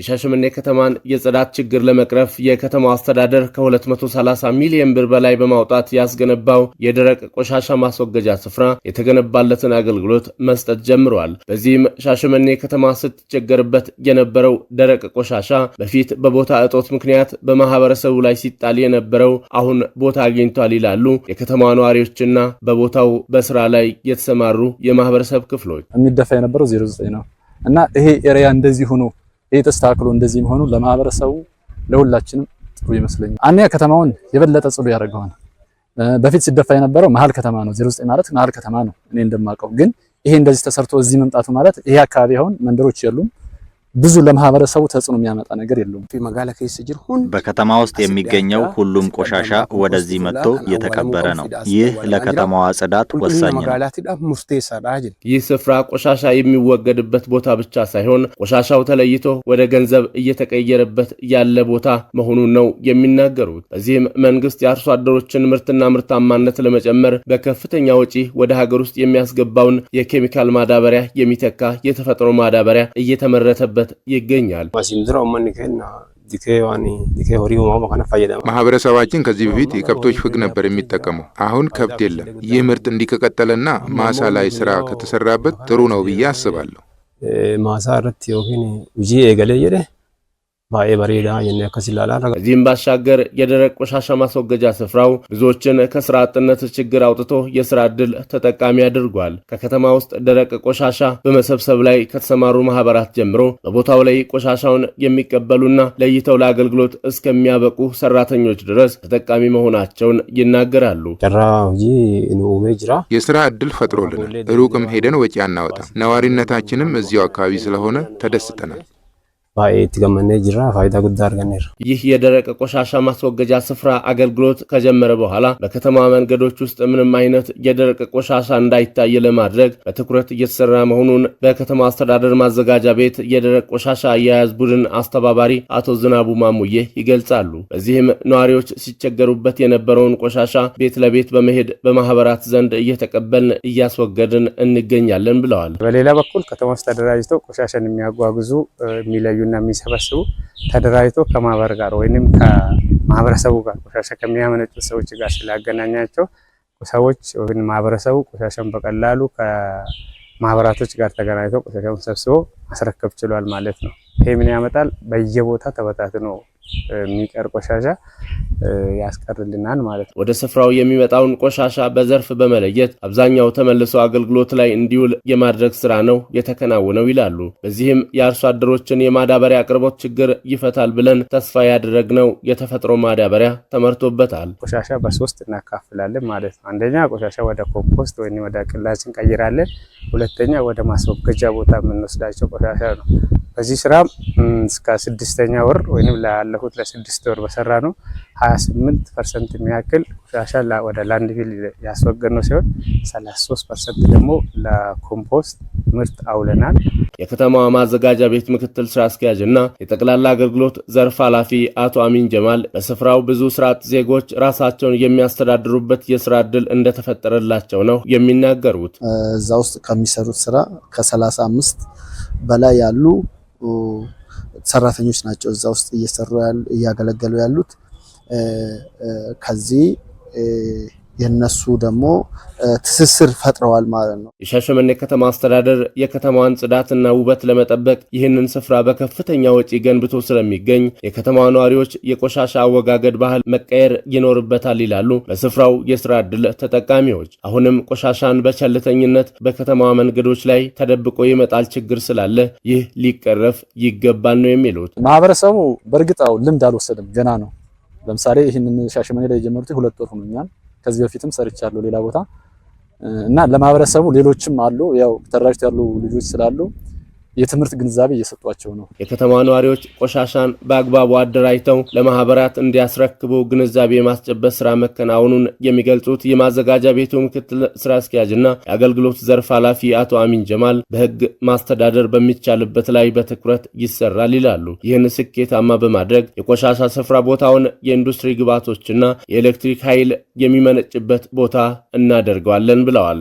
የሻሸመኔ ከተማን የጽዳት ችግር ለመቅረፍ የከተማው አስተዳደር ከ230 ሚሊዮን ብር በላይ በማውጣት ያስገነባው የደረቅ ቆሻሻ ማስወገጃ ስፍራ የተገነባለትን አገልግሎት መስጠት ጀምረዋል። በዚህም ሻሸመኔ ከተማ ስትቸገርበት የነበረው ደረቅ ቆሻሻ በፊት በቦታ እጦት ምክንያት በማህበረሰቡ ላይ ሲጣል የነበረው አሁን ቦታ አግኝቷል ይላሉ የከተማ ነዋሪዎችና በቦታው በስራ ላይ የተሰማሩ የማህበረሰብ ክፍሎች። የሚደፋ የነበረው 09 ነው እና ይሄ ኤሪያ እንደዚህ ሆኖ ይህ ተስተካክሎ እንደዚህ መሆኑ ለማህበረሰቡ ለሁላችንም ጥሩ ይመስለኛል። አንያ ከተማውን የበለጠ ጽዱ ያደርገዋል። በፊት ሲደፋ የነበረው መሀል ከተማ ነው። 09 ማለት መሀል ከተማ ነው እኔ እንደማውቀው። ግን ይሄ እንደዚህ ተሰርቶ እዚህ መምጣቱ ማለት ይሄ አካባቢ አሁን መንደሮች የሉም ብዙ ለማህበረሰቡ ተጽዕኖ የሚያመጣ ነገር የለውም። በከተማ ውስጥ የሚገኘው ሁሉም ቆሻሻ ወደዚህ መጥቶ እየተቀበረ ነው። ይህ ለከተማዋ ጽዳት ወሳኝ ነው። ይህ ስፍራ ቆሻሻ የሚወገድበት ቦታ ብቻ ሳይሆን ቆሻሻው ተለይቶ ወደ ገንዘብ እየተቀየረበት ያለ ቦታ መሆኑን ነው የሚናገሩት። በዚህም መንግስት የአርሶ አደሮችን ምርትና ምርታማነት ለመጨመር በከፍተኛ ወጪ ወደ ሀገር ውስጥ የሚያስገባውን የኬሚካል ማዳበሪያ የሚተካ የተፈጥሮ ማዳበሪያ እየተመረተበት እየተሰራበት ይገኛል። ማህበረሰባችን ከዚህ በፊት የከብቶች ፍግ ነበር የሚጠቀመው። አሁን ከብት የለም። ይህ ምርት እንዲህ ከቀጠለና ማሳ ላይ ስራ ከተሰራበት ጥሩ ነው ብዬ አስባለሁ። ማሳ ረት ባኤ በሬዳ የነከሲላላ ከዚህም ባሻገር የደረቅ ቆሻሻ ማስወገጃ ስፍራው ብዙዎችን ከስራ አጥነት ችግር አውጥቶ የስራ እድል ተጠቃሚ አድርጓል። ከከተማ ውስጥ ደረቅ ቆሻሻ በመሰብሰብ ላይ ከተሰማሩ ማህበራት ጀምሮ በቦታው ላይ ቆሻሻውን የሚቀበሉና ለይተው ለአገልግሎት እስከሚያበቁ ሰራተኞች ድረስ ተጠቃሚ መሆናቸውን ይናገራሉ። የስራ ዕድል ፈጥሮልናል። ሩቅም ሄደን ወጪ አናወጣም። ነዋሪነታችንም እዚያው አካባቢ ስለሆነ ተደስተናል። baay'ee itti ጅራ ፋይዳ ጉዳ guddaa ይህ የደረቀ ቆሻሻ ማስወገጃ ስፍራ አገልግሎት ከጀመረ በኋላ በከተማ መንገዶች ውስጥ ምንም አይነት የደረቀ ቆሻሻ እንዳይታይ ለማድረግ በትኩረት እየተሰራ መሆኑን በከተማ አስተዳደር ማዘጋጃ ቤት የደረቅ ቆሻሻ አያያዝ ቡድን አስተባባሪ አቶ ዝናቡ ማሙዬ ይገልጻሉ። በዚህም ነዋሪዎች ሲቸገሩበት የነበረውን ቆሻሻ ቤት ለቤት በመሄድ በማህበራት ዘንድ እየተቀበልን እያስወገድን እንገኛለን ብለዋል። በሌላ በኩል ከተማ ውስጥ ቆሻሻን የሚያጓጉዙ የሚለዩ የሚለዩና የሚሰበስቡ ተደራጅቶ ከማህበር ጋር ወይንም ከማህበረሰቡ ጋር ቆሻሻ ከሚያመነጩት ሰዎች ጋር ስላገናኛቸው ሰዎች ወይም ማህበረሰቡ ቆሻሻን በቀላሉ ከማህበራቶች ጋር ተገናኝተው ቆሻሻውን ሰብስቦ ማስረከብ ችሏል ማለት ነው። ይሄ ምን ያመጣል? በየቦታ ተበታትኖ የሚቀር ቆሻሻ ያስቀርልናል ማለት ነው። ወደ ስፍራው የሚመጣውን ቆሻሻ በዘርፍ በመለየት አብዛኛው ተመልሶ አገልግሎት ላይ እንዲውል የማድረግ ስራ ነው የተከናወነው ይላሉ። በዚህም የአርሶ አደሮችን የማዳበሪያ አቅርቦት ችግር ይፈታል ብለን ተስፋ ያደረግነው የተፈጥሮ ማዳበሪያ ተመርቶበታል። ቆሻሻ በሶስት እናካፍላለን ማለት ነው። አንደኛ ቆሻሻ ወደ ኮምፖስት ወይም ወደ ቅላጭ እንቀይራለን። ሁለተኛ ወደ ማስወገጃ ቦታ የምንወስዳቸው ቆሻሻ ነው። በዚህ ስራ እስከ ስድስተኛ ወር ወይም ላለፉት ለስድስት ወር በሰራ ነው ሀያ ስምንት ፐርሰንት የሚያክል ቆሻሻ ወደ ላንድ ፊል ያስወገድ ነው ሲሆን ሰላሳ ሶስት ፐርሰንት ደግሞ ለኮምፖስት ምርት አውለናል። የከተማዋ ማዘጋጃ ቤት ምክትል ስራ አስኪያጅ እና የጠቅላላ አገልግሎት ዘርፍ ኃላፊ አቶ አሚን ጀማል በስፍራው ብዙ ስርዓት ዜጎች ራሳቸውን የሚያስተዳድሩበት የስራ እድል እንደተፈጠረላቸው ነው የሚናገሩት። እዛ ውስጥ ከሚሰሩት ስራ ከሰላሳ አምስት በላይ ያሉ ሰራተኞች ናቸው እዛ ውስጥ እየሰሩ እያገለገሉ ያሉት ከዚህ የነሱ ደግሞ ትስስር ፈጥረዋል ማለት ነው። የሻሸመኔ ከተማ አስተዳደር የከተማዋን ጽዳትና ውበት ለመጠበቅ ይህንን ስፍራ በከፍተኛ ወጪ ገንብቶ ስለሚገኝ የከተማ ነዋሪዎች የቆሻሻ አወጋገድ ባህል መቀየር ይኖርበታል ይላሉ በስፍራው የስራ ዕድል ተጠቃሚዎች። አሁንም ቆሻሻን በቸልተኝነት በከተማዋ መንገዶች ላይ ተደብቆ ይመጣል ችግር ስላለ ይህ ሊቀረፍ ይገባል ነው የሚሉት። ማህበረሰቡ በእርግጣው ልምድ አልወሰድም ገና ነው። ለምሳሌ ይህንን ሻሸመኔ ላይ የጀመሩት ሁለት ወር ሆኖኛል። ከዚህ በፊትም ሰርቻለሁ ሌላ ቦታ እና ለማህበረሰቡ ሌሎችም አሉ ያው ተደራጅተው ያሉ ልጆች ስላሉ የትምህርት ግንዛቤ እየሰጧቸው ነው። የከተማ ነዋሪዎች ቆሻሻን በአግባቡ አደራጅተው ለማህበራት እንዲያስረክቡ ግንዛቤ የማስጨበት ስራ መከናወኑን የሚገልጹት የማዘጋጃ ቤቱ ምክትል ስራ አስኪያጅና የአገልግሎት ዘርፍ ኃላፊ አቶ አሚን ጀማል በህግ ማስተዳደር በሚቻልበት ላይ በትኩረት ይሰራል ይላሉ። ይህን ስኬታማ በማድረግ የቆሻሻ ስፍራ ቦታውን የኢንዱስትሪ ግብዓቶችና የኤሌክትሪክ ኃይል የሚመነጭበት ቦታ እናደርገዋለን ብለዋል።